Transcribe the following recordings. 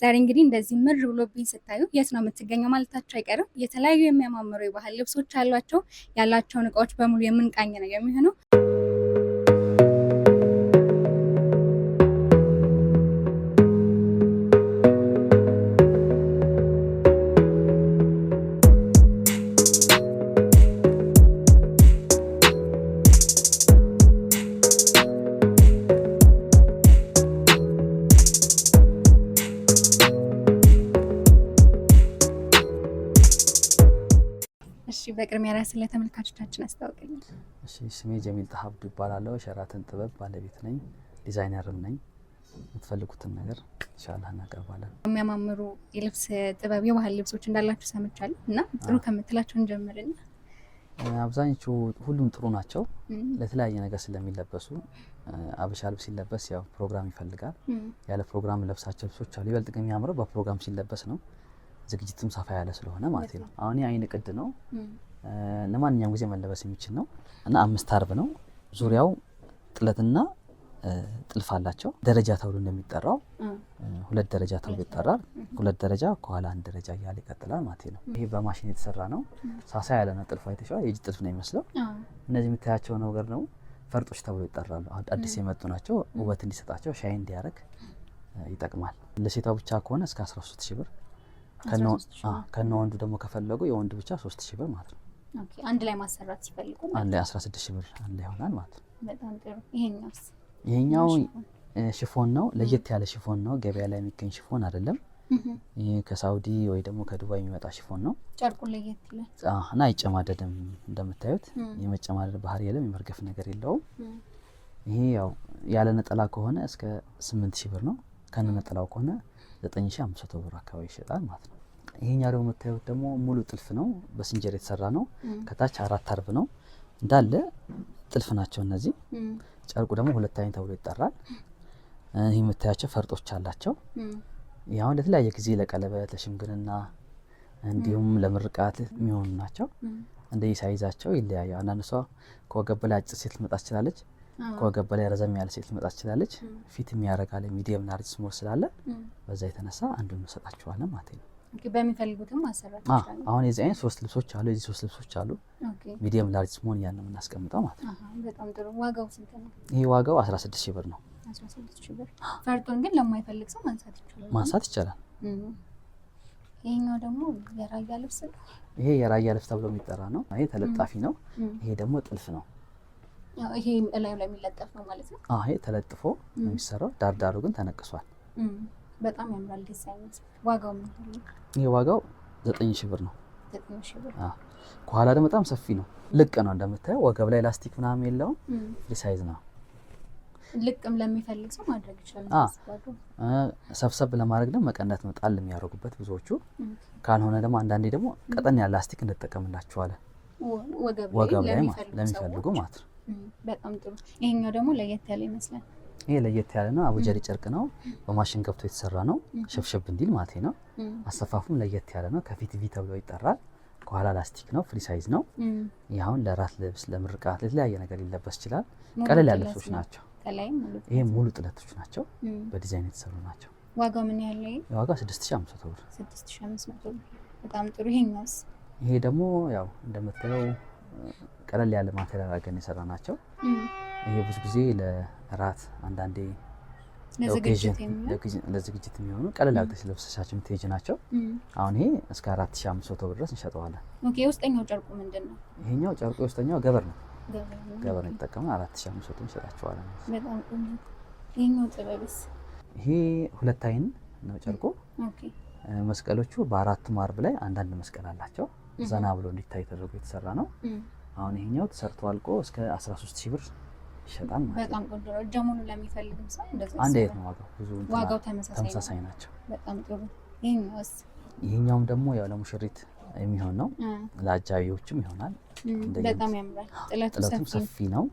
ዛሬ እንግዲህ እንደዚህ ምር ብሎብኝ ስታዩ የት ነው የምትገኘው ማለታቸው አይቀርም። የተለያዩ የሚያማምሩ የባህል ልብሶች አሏቸው። ያላቸውን እቃዎች በሙሉ የምንቃኝ ነው የሚሆነው። በቅድሚያ ራስን ለተመልካቾቻችን አስታውቀኛል። እሺ፣ ስሜ ጀሚል ጣሀብዱ ይባላለሁ። ሸራተን ጥበብ ባለቤት ነኝ፣ ዲዛይነርም ነኝ። የምትፈልጉትን ነገር ኢንሻላህ እናቀርባለን። የሚያማምሩ የልብስ ጥበብ የባህል ልብሶች እንዳላችሁ ሰምቻለሁ እና ጥሩ ከምትላቸው እንጀምርና አብዛኞቹ ሁሉም ጥሩ ናቸው። ለተለያየ ነገር ስለሚለበሱ አበሻ ልብስ ሲለበስ ያው ፕሮግራም ይፈልጋል። ያለ ፕሮግራም ለብሳቸው ልብሶች አሉ። ይበልጥ ግን የሚያምረው በፕሮግራም ሲለበስ ነው። ዝግጅትም ሰፋ ያለ ስለሆነ ማለት ነው። አሁን የአይን ቅድ ነው ለማንኛውም ጊዜ መለበስ የሚችል ነው እና አምስት አርብ ነው። ዙሪያው ጥለትና ጥልፍ አላቸው። ደረጃ ተብሎ እንደሚጠራው ሁለት ደረጃ ተብሎ ይጠራል። ሁለት ደረጃ ከኋላ አንድ ደረጃ እያለ ይቀጥላል ማለት ነው። ይሄ በማሽን የተሰራ ነው። ሳሳ ያለ ነው። ጥልፍ አይተሸዋል። የእጅ ጥልፍ ነው የሚመስለው። እነዚህ የምታያቸው ነገር ነው ፈርጦች ተብሎ ይጠራሉ። አዲስ የመጡ ናቸው። ውበት እንዲሰጣቸው ሻይ እንዲያደርግ ይጠቅማል። ለሴቷ ብቻ ከሆነ እስከ 13 ሺህ ብር ከነ ወንዱ ደግሞ ከፈለጉ የወንድ ብቻ ሶስት ሺህ ብር ማለት ነው። አንድ ላይ ማሰራት ሲፈልጉ አንድ ላይ አስራ ስድስት ሺህ ብር አንድ ላይ ይሆናል ማለት ነው። በጣም ጥሩ። ይሄኛው ሽፎን ነው። ለየት ያለ ሽፎን ነው። ገበያ ላይ የሚገኝ ሽፎን አይደለም። ይህ ከሳውዲ ወይ ደግሞ ከዱባይ የሚመጣ ሽፎን ነው። ጨርቁ ለየት ይላል እና አይጨማደድም። እንደምታዩት የመጨማደድ ባህሪ የለም፣ የመርገፍ ነገር የለውም። ይሄ ያው ያለ ነጠላ ከሆነ እስከ ስምንት ሺህ ብር ነው። ከነ ነጠላው ከሆነ 9500 ብር አካባቢ ይሸጣል ማለት ነው። ይሄኛ ደግሞ የምታዩት ደግሞ ሙሉ ጥልፍ ነው፣ በስንጀር የተሰራ ነው። ከታች አራት አርብ ነው እንዳለ ጥልፍ ናቸው እነዚህ። ጨርቁ ደግሞ ሁለት አይነት ተብሎ ይጠራል። ይህ የምታያቸው ፈርጦች አላቸው። አሁን ለተለያየ ጊዜ ለቀለበት፣ ለሽምግልና እንዲሁም ለምርቃት የሚሆኑ ናቸው። እንደ ሳይዛቸው ይለያያል። አንዳንድ ሰው ከወገብ በላይ አጭር ሴት ልትመጣ ትችላለች። ከወገብ በላይ ረዘም ያለ ሴት ልመጣ ትችላለች። ፊት የሚያረጋለ ሚዲየም ናርጅ ስሞር ስላለ በዛ የተነሳ አንዱን እንሰጣችኋለን ማለት ነው። በሚፈልጉትም ማሰራት አሁን የዚህ አይነት ሶስት ልብሶች አሉ፣ የዚህ ሶስት ልብሶች አሉ። ሚዲየም ላርጅ ስሞን ያን ነው የምናስቀምጠው ማለት ነው። በጣም ጥሩ። ዋጋው ስንት ነው? ይሄ ዋጋው 16 ሺህ ብር ነው። 16 ብር ፈርጦን ግን ለማይፈልግ ሰው ማንሳት ይችላል ማንሳት ይቻላል። ይሄኛው ደግሞ የራያ ልብስ ነው። ይሄ የራያ ልብስ ተብሎ የሚጠራ ነው። ይሄ ተለጣፊ ነው። ይሄ ደግሞ ጥልፍ ነው። ይሄ እላዩ ላይ የሚለጠፍ ነው ማለት ነው። አዎ ተለጥፎ ነው የሚሰራው። ዳርዳሩ ግን ተነቅሷል። በጣም ያምራል ዲዛይን። ዋጋው ምን ነው? ይሄ ዋጋው ዘጠኝ ሺህ ብር ነው። ከኋላ ደግሞ በጣም ሰፊ ነው። ልቅ ነው እንደምታየው። ወገብ ላይ ላስቲክ ምናምን የለውም። ፍሪ ሳይዝ ነው። ልቅም ለሚፈልግ ሰው ማድረግ ይችላል። ሰብሰብ ለማድረግ ደግሞ መቀነት መጣል የሚያደርጉበት ብዙዎቹ። ካልሆነ ደግሞ አንዳንዴ ደግሞ ቀጠን ያለ ላስቲክ እንጠቀምላቸዋለን ወገብ ላይ ለሚፈልጉ ማለት ነው። በጣም ጥሩ። ይሄኛው ደግሞ ለየት ያለ ይመስላል። ይሄ ለየት ያለ ነው። አቡጀሪ ጨርቅ ነው። በማሽን ገብቶ የተሰራ ነው። ሸብሸብ እንዲል ማለት ነው። አሰፋፉም ለየት ያለ ነው። ከፊት ቪ ተብሎ ይጠራል። ከኋላ ላስቲክ ነው። ፍሪ ሳይዝ ነው። ይህ ለራት ልብስ፣ ለምርቃት፣ ለተለያየ ነገር ሊለበስ ይችላል። ቀለል ያለ ልብሶች ናቸው። ይሄ ሙሉ ጥለቶች ናቸው። በዲዛይን የተሰሩ ናቸው። ዋጋው ምን ያለ? ነው? ዋጋ 6500 ብር። 6500 ብር በጣም ጥሩ። ይሄኛውስ? ይሄ ደግሞ ያው እንደምታየው ቀለል ያለ ማቴሪያል አድርገን የሰራ ናቸው። ይሄ ብዙ ጊዜ ለራት አንዳንዴ ለዝግጅት የሚሆኑ ቀለል አድርገሽ ለብሰሻቸው የምትሄጂ ናቸው። አሁን ይሄ እስከ አራት ሺህ አምስት መቶ ብር ድረስ እንሸጠዋለን። የውስጠኛው ጨርቁ ምንድን ነው? ይሄኛው ጨርቁ የውስጠኛው ገበር ነው። ገበር ነው የተጠቀምን። አራት ሺህ አምስት መቶ እንሸጣቸዋለን። ይሄኛው ጥበብስ? ይሄ ሁለት አይን ነው ጨርቁ። መስቀሎቹ በአራቱ ማርብ ላይ አንዳንድ መስቀል አላቸው ዘና ብሎ እንዲታይ ተደርጎ የተሰራ ነው። አሁን ይሄኛው ተሰርቶ አልቆ እስከ 13 ሺህ ብር ይሸጣል ማለት ነው። በጣም ቆንጆ ነው። ለሚፈልግም ሰው እንደዚህ አንድ አይነት ነው ዋጋው። ብዙ ዋጋው ተመሳሳይ ናቸው። በጣም ጥሩ። ይሄኛውስ ይሄኛውም ደግሞ ያው ለሙሽሪት የሚሆን ነው። ለአጃቢዎችም ይሆናል። በጣም ያምራል። ሰፊ ነው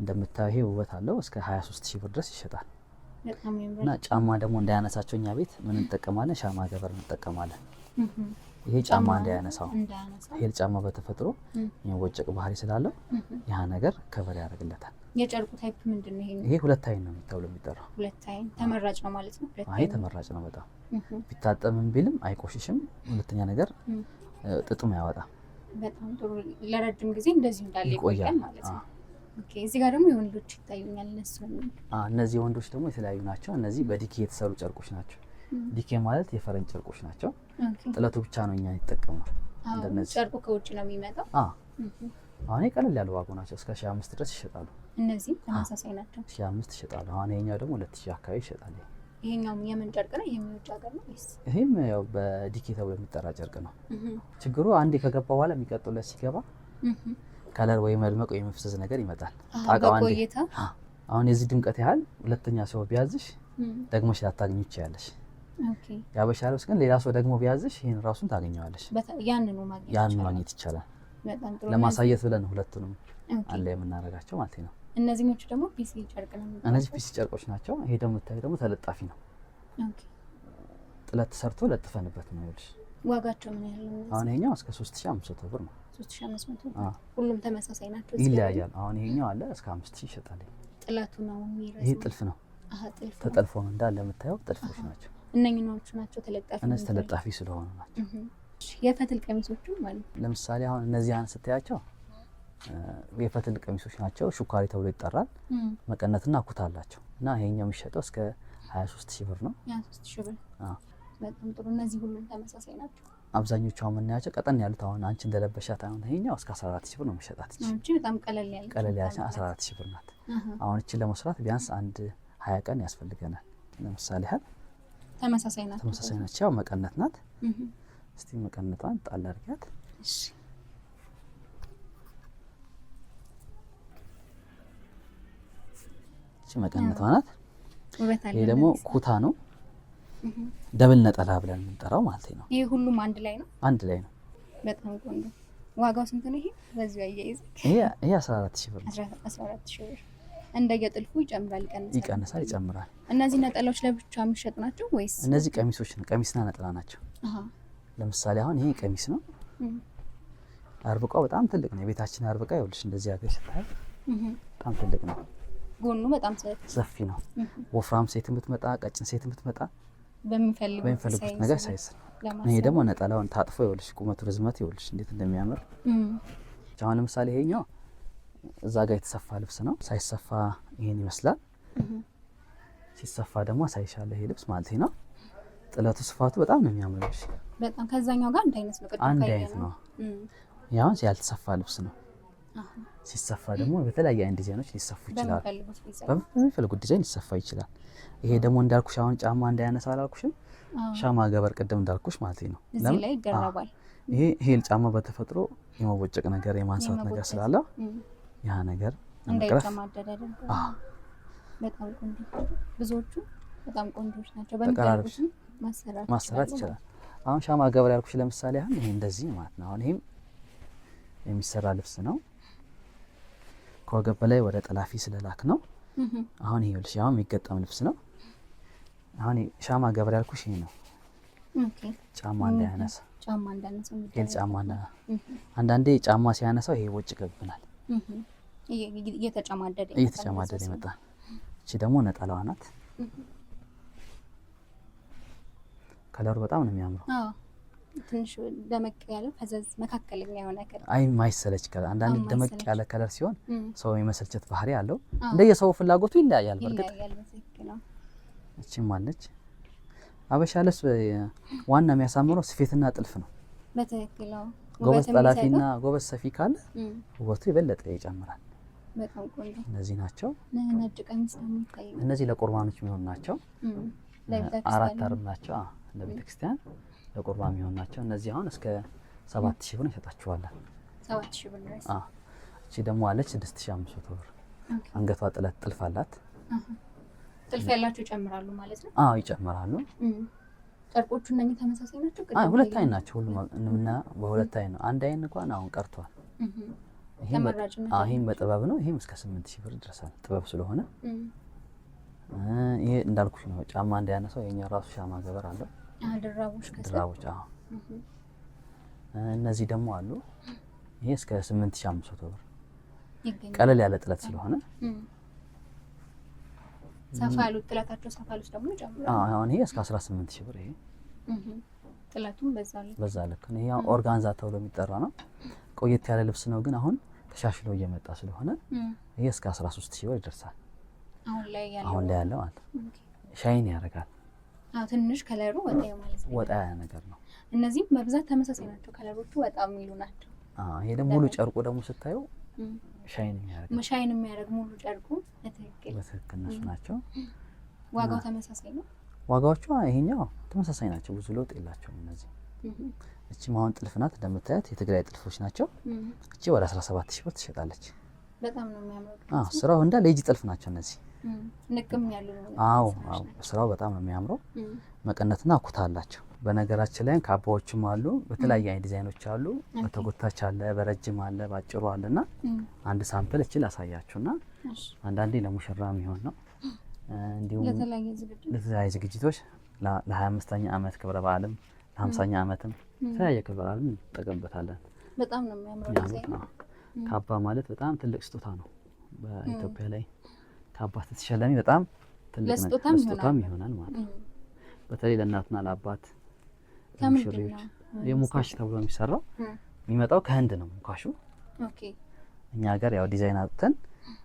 እንደምታዩ ውበት አለው። እስከ 23 ሺህ ብር ድረስ ይሸጣል። እና ጫማ ደግሞ እንዳያነሳቸው እኛ ቤት ምን እንጠቀማለን? ሻማ ገበር እንጠቀማለን። ይሄ ጫማ እንዳያነሳው ይሄ ጫማ በተፈጥሮ የወጨቅ ባህሪ ስላለው ያ ነገር ከበር ያደርግለታል። የጨርቁ ታይፕ ምንድን ነው? ይሄ ሁለት አይን ነው ተብሎ የሚጠራው። ሁለት አይን ተመራጭ ነው ማለት ነው። አይ ተመራጭ ነው በጣም ቢታጠምም ቢልም አይቆሽሽም። ሁለተኛ ነገር ጥጡም ያወጣ በጣም ጥሩ። ለረጅም ጊዜ እንደዚህ እንዳለ ይቆያል ማለት ነው። እዚህ ጋር ደግሞ የወንዶች ይታዩኛል። እነሱ እነዚህ ወንዶች ደግሞ የተለያዩ ናቸው። እነዚህ በዲኪ የተሰሩ ጨርቆች ናቸው። ዲኬ ማለት የፈረንጅ ጨርቆች ናቸው። ጥለቱ ብቻ ነው እኛ ይጠቀም እንደነዚህ ጨርቁ ከውጭ ነው የሚመጣው። አሁን ቀለል ያሉ ዋጋ ናቸው። እስከ ሺህ አምስት ድረስ ይሸጣሉ። እነዚህ ተመሳሳይ ናቸው። ሺህ አምስት ይሸጣሉ። አሁን ይሄኛው ደግሞ ሁለት ሺህ አካባቢ ይሸጣል። ይሄኛው የምን ጨርቅ ነው? ይሄም የውጭ ሀገር ነው ወይስ? ይሄም ያው በዲኬ ተብሎ የሚጠራ ጨርቅ ነው። ችግሩ አንዴ ከገባ በኋላ የሚቀጥሉለት ሲገባ ከለር ወይ መልመቅ ወይ መፍሰስ ነገር ይመጣል። ጣቃው አንዴ አሁን የዚህ ድምቀት ያህል ሁለተኛ ሰው ቢያዝሽ ደግሞ ደግመሽ ላታገኙ ይችላለሽ። የአበሻ ልብስ ግን ሌላ ሰው ደግሞ ቢያዝሽ ይህን ራሱን ታገኘዋለሽ። ያንኑ ማግኘት ይቻላል። ለማሳየት ብለን ሁለቱንም አለ የምናደርጋቸው ማለት ነው። እነዚህኞቹ ደግሞ ፒሲ ጨርቅ ነው። እነዚህ ፒሲ ጨርቆች ናቸው። ይሄ ደግሞ ታይ ደግሞ ተለጣፊ ነው። ጥለት ሰርቶ ለጥፈንበት ነው ይኸውልሽ። ዋጋቸው ምን ያህል ነው? አሁን ይሄኛው እስከ 3500 ብር ነው። 3500 ብር ሁሉም ተመሳሳይ ናቸው? ይለያያል። አሁን ይሄኛው አለ እስከ 5000 ይሸጣል። ጥለቱ ነው የሚረሳው? ይሄ ጥልፍ ነው። አሃ ጥልፍ ተጠልፎ እንዳለ የምታየው ጥልፎች ናቸው። እነኝኖቹ ናቸው ተለጣፊ እነዚህ ተለጣፊ ስለሆኑ ናቸው። የፈትል ቀሚሶቹ ማለት ለምሳሌ አሁን እነዚህ ስታያቸው የፈትል ቀሚሶች ናቸው። ሹካሪ ተብሎ ይጠራል። መቀነትና ኩታ አላቸው እና ይሄኛው የሚሸጠው እስከ 23 ሺህ ብር ነው። 23 ሺህ ብር። በጣም ጥሩ። እነዚህ ሁሉም ተመሳሳይ ናቸው። አብዛኞቹ አሁን የምናያቸው ቀጠን ያሉት አሁን አንቺ እንደለበሻት አሁን ይሄኛው እስከ 14 ሺህ ብር ነው የሚሸጣት። እቺ በጣም ቀለል ያለች ቀለል ያለች 14 ሺህ ብር ናት። አሁን እቺ ለመስራት ቢያንስ አንድ 20 ቀን ያስፈልገናል። ለምሳሌ ያህል ተመሳሳይ ናት። ተመሳሳይ ናት። ያው መቀነት ናት። እስቲ መቀነቷን ጣል አድርጊያት። እሺ መቀነቷ ናት። ይሄ ደግሞ ኩታ ነው፣ ደብል ነጠላ ብለን የምንጠራው ማለት ነው። ይሄ ሁሉም አንድ ላይ ነው፣ አንድ ላይ ነው። በጣም ቆንጆ። ዋጋው ስንት ነው? ይሄ በዚሁ አያይዘ ይሄ አራት ሺህ ብር እንደየጥልፉ ይጨምራል፣ ይቀንሳል፣ ይቀንሳል፣ ይጨምራል። እነዚህ ነጠላዎች ለብቻ የሚሸጥ ናቸው ወይስ እነዚህ ቀሚሶች ነው? ቀሚስና ነጠላ ናቸው። ለምሳሌ አሁን ይሄ ቀሚስ ነው። አርብቃው በጣም ትልቅ ነው። የቤታችን አርብቃ ይኸውልሽ፣ እንደዚህ አገ ስታይ በጣም ትልቅ ነው። ጎኑ በጣም ሰፊ ነው። ወፍራም ሴት የምትመጣ ቀጭን ሴት የምትመጣ በሚፈልጉት ነገር ሳይዝ ነው። ይሄ ደግሞ ነጠላውን ታጥፎ ይኸውልሽ፣ ቁመቱ ርዝመት ይኸውልሽ እንዴት እንደሚያምር አሁን ለምሳሌ ይሄኛው እዛ ጋር የተሰፋ ልብስ ነው። ሳይሰፋ ይሄን ይመስላል። ሲሰፋ ደግሞ አሳይሻለሁ። ይሄ ልብስ ማለት ነው። ጥለቱ ስፋቱ በጣም ነው የሚያምረው። እሺ፣ በጣም ከዛኛው ጋር አንድ አይነት ነው። አንድ አይነት ነው። ያሁን ያልተሰፋ ልብስ ነው። ሲሰፋ ደግሞ በተለያየ አይነት ዲዛይኖች ሊሰፉ ይችላል። በሚፈልጉት ዲዛይን ሊሰፋ ይችላል። ይሄ ደግሞ እንዳልኩሽ አሁን ጫማ እንዳያነሳ አላልኩሽም? ሻማ ገበር ቅድም እንዳልኩሽ ማለት ነው። ይሄ ጫማ በተፈጥሮ የመቦጨቅ ነገር የማንሳት ነገር ስላለው ያ ነገር እንዳይጨማደድ ያደርጋል። በጣም ቆንጆ ብዙዎቹ በጣም ቆንጆች ናቸው። በሚቀርቡት ማሰራት ይችላል። አሁን ሻማ ገበሬ ያልኩሽ ለምሳሌ አሁን ይሄ እንደዚህ ማለት ነው። አሁን ይሄም የሚሰራ ልብስ ነው። ከወገብ በላይ ወደ ጠላፊ ስለላክ ነው። አሁን ይሄ ልብስ አሁን የሚገጠም ልብስ ነው። አሁን ሻማ ገበሬ ያልኩሽ ይሄ ነው። ጫማ እንዳያነሳ ጫማ እንዳያነሳ፣ አንዳንዴ ጫማ ሲያነሳው ይሄ ወጭ ገብናል። እየተጨማደደ እየተጨማደደ ይመጣል። እቺ ደግሞ ነጠላዋ ናት። ከለሩ በጣም ነው የሚያምረው። ትንሽ ደመቅ ያለ ፈዘዝ መካከለኛ የሆነ ከለር አይ ማይሰለች ከለር። አንዳንድ ደመቅ ያለ ከለር ሲሆን ሰው የመሰልቸት ባህሪ አለው። እንደ የሰው ፍላጎቱ ይለያያል። በርግጥ እቺም አለች። አበሻ ልብስ ዋና የሚያሳምረው ስፌትና ጥልፍ ነው። በትክክል ጎበዝ ጠላፊና ጎበዝ ሰፊ ካለ ውበቱ የበለጠ ይጨምራል። በጣም ቆንጆ። እነዚህ ናቸው። ነጭ ቀሚስ ደግሞ ይታያል። እነዚህ ለቁርባኖች የሚሆኑ ናቸው። አራት አርብ ናቸው። ለቤተ ክርስቲያን ለቁርባን የሚሆኑ ናቸው። እነዚህ አሁን እስከ ሰባት ሺህ ብር እንሸጣችኋለን። ሰባት ሺህ ብር ድረስ። እቺ ደግሞ አለች ስድስት ሺህ አምስት መቶ ብር። አንገቷ ጥለት ጥልፍ አላት። ጥልፍ ያላቸው ይጨምራሉ ማለት ነው? አዎ ይጨምራሉ። ጨርቆቹ እነኚህ ተመሳሳይ ናቸው? ሁለት አይን ናቸው ሁሉም እና በሁለት አይን ነው። አንድ አይን እንኳን አሁን ቀርቷል። ይሄም በጥበብ ነው። ይሄም እስከ ስምንት ሺህ ብር ድረሳል። ጥበብ ስለሆነ ይሄ እንዳልኩሽ ነው። ጫማ እንዳያነሳው የኛ ራሱ ሻማ ገበር አለው። ድራቦች እነዚህ ደግሞ አሉ። ይሄ እስከ ስምንት ሺህ አምስት መቶ ብር ቀለል ያለ ጥለት ስለሆነ ሰፋ ያሉት ጥለታቸው ሰፋ ያሉት ደግሞ ጨምሮ አሁን ይሄ እስከ አስራ ስምንት ሺህ ብር ይሄ ጥለቱም በዛ ልክ በዛ ልክ ይሄ ኦርጋንዛ ተብሎ የሚጠራ ነው። ቆየት ያለ ልብስ ነው፣ ግን አሁን ተሻሽሎ እየመጣ ስለሆነ ይሄ እስከ 13 ሺህ ብር ይደርሳል። አሁን ላይ ያለው ማለት ሻይን ያደርጋል። ትንሽ ከለሩ ወጣ ማለት ነው፣ ወጣ ያለ ነገር ነው። እነዚህም በብዛት ተመሳሳይ ናቸው፣ ከለሮቹ ወጣ የሚሉ ናቸው። ይሄ ደግሞ ሙሉ ጨርቁ ደግሞ ስታዩ ሻይን የሚያደርግ ሻይን የሚያደርግ ሙሉ ጨርቁ በትክክል በትክክል እነሱ ናቸው። ዋጋው ተመሳሳይ ነው። ዋጋዎቹ ይሄኛው ተመሳሳይ ናቸው፣ ብዙ ለውጥ የላቸውም እነዚህ እቺ ማሁን ጥልፍ ናት እንደምታያት የትግራይ ጥልፎች ናቸው። እቺ ወደ 17 ሺህ ብር ትሸጣለች። ስራው እንዳለ የእጅ ጥልፍ ናቸው እነዚህ ያሉ። አዎ አዎ ስራው በጣም ነው የሚያምረው። መቀነትና ኩታ አላቸው። በነገራችን ላይ ካባዎችም አሉ፣ በተለያየ አይነት ዲዛይኖች አሉ። በተጎታች አለ፣ በረጅም አለ፣ ባጭሩ አለ። አለና አንድ ሳምፕል እቺ ላሳያችሁና አንዳንዴ ለሙሽራ የሚሆን ነው እንዲሁም ለተለያየ ዝግጅቶች ለ አምስተኛ አመት ክብረ በዓልም ለሀምሳኛ አመትም ተለያየ ክብራል እንጠቀምበታለን። በጣም ነው የሚያምረው። ካባ ማለት በጣም ትልቅ ስጦታ ነው። በኢትዮጵያ ላይ ካባ ስትሸለሚ በጣም ትልቅ ስጦታም ይሆናል ማለት ነው። በተለይ ለእናትና ለአባት ለሙሽሪዎች። የሙካሽ ተብሎ የሚሰራው የሚመጣው ከህንድ ነው ሙካሹ። እኛ ሀገር ያው ዲዛይን አጥተን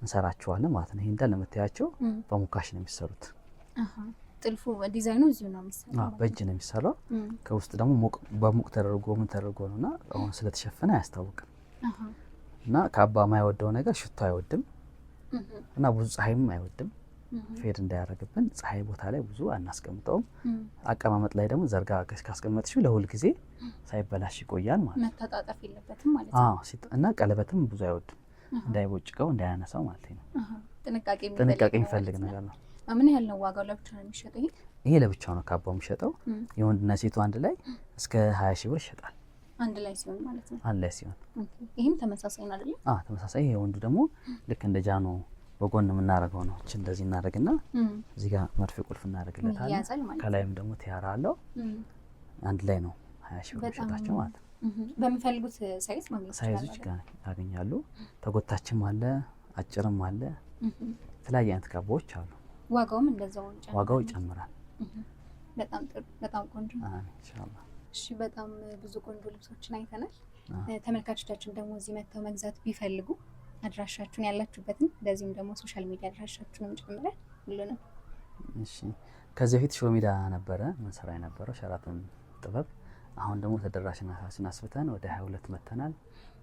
እንሰራቸዋለን ማለት ነው። ይሄ እንዳለ የምታያቸው በሙካሽ ነው የሚሰሩት። ጥልፉ ዲዛይኑ እዚሁ ነው የሚሰራው፣ በእጅ ነው የሚሰራው። ከውስጥ ደግሞ በሙቅ ተደርጎ ምን ተደርጎ ነው እና አሁን ስለተሸፈነ አያስታውቅም። እና ከአባ የማይወደው ነገር ሽቶ አይወድም እና ብዙ ፀሐይም አይወድም። ፌድ እንዳያደርግብን ፀሐይ ቦታ ላይ ብዙ አናስቀምጠውም። አቀማመጥ ላይ ደግሞ ዘርጋ ካስቀመጥሽው ለሁል ጊዜ ሳይበላሽ ይቆያል ማለት ነው። መታጣጠፍ የለበትም ማለት ነው። እና ቀለበትም ብዙ አይወድም፣ እንዳይቦጭቀው እንዳያነሳው ማለት ነው። ጥንቃቄ የሚፈልግ ነገር ነው። ምን ያህል ነው ዋጋው? ለብቻ ነው የሚሸጠው? ይሄ ለብቻው ነው ካባው የሚሸጠው። የወንድና ሴቱ አንድ ላይ እስከ ሀያ ሺህ ብር ይሸጣል። አንድ ላይ ሲሆን ማለት ነው። አንድ ላይ ሲሆን ይህም ተመሳሳይ ነው አይደለም? አዎ ተመሳሳይ። ይሄ ወንዱ ደግሞ ልክ እንደ ጃኖ በጎን የምናደርገው ነው። እች እንደዚህ እናደርግና እዚህ ጋር መርፌ ቁልፍ እናደርግለታለን። ከላይም ደግሞ ቲያራ አለው። አንድ ላይ ነው ሀያ ሺህ ብር ይሸጣቸው ማለት ነው። በሚፈልጉት ሳይዝ ማግኘት ሳይዞች ጋር ያገኛሉ። ተጎታችም አለ፣ አጭርም አለ፣ የተለያየ አይነት ካባዎች አሉ። ዋጋውም እንደዛው ይጨምራል። ዋጋው ይጨምራል። በጣም ጥሩ፣ በጣም ቆንጆ። እሺ፣ በጣም ብዙ ቆንጆ ልብሶችን አይተናል። ተመልካቾቻችን ደግሞ እዚህ መጥተው መግዛት ቢፈልጉ አድራሻችሁን ያላችሁበትን እንደዚሁም ደግሞ ሶሻል ሚዲያ አድራሻችሁንም ጨምረን ሁሉንም። እሺ፣ ከዚህ በፊት ሾ ሜዳ ነበረ ምንሰራ የነበረው ሸራተን ጥበብ። አሁን ደግሞ ተደራሽነታችን አስፍተን ወደ 22 መተናል።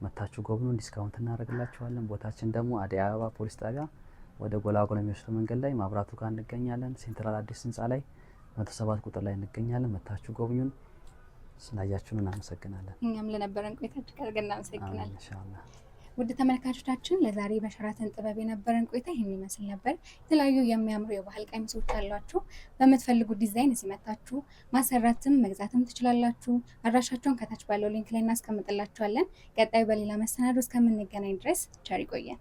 መታችሁ ጎብኑ፣ ዲስካውንት እናደርግላችኋለን። ቦታችን ደግሞ አደይ አበባ ፖሊስ ጣቢያ ወደ ጎላጎል የሚወስደው መንገድ ላይ ማብራቱ ጋር እንገኛለን። ሴንትራል አዲስ ህንፃ ላይ መቶ ሰባት ቁጥር ላይ እንገኛለን። መታችሁ ጎብኙን። ስላያችሁን እናመሰግናለን። እኛም ለነበረን ቆይታ እጅግ አድርገን እናመሰግናለን። ውድ ተመልካቾቻችን ለዛሬ በሸራተን ጥበብ የነበረን ቆይታ ይህን ይመስል ነበር። የተለያዩ የሚያምሩ የባህል ቀሚሶች አሏችሁ። በምትፈልጉት ዲዛይን እዚህ መታችሁ ማሰራትም መግዛትም ትችላላችሁ። አድራሻቸውን ከታች ባለው ሊንክ ላይ እናስቀምጥላችኋለን። ቀጣዩ በሌላ መሰናዶ እስከምንገናኝ ድረስ ቸር ይቆየን።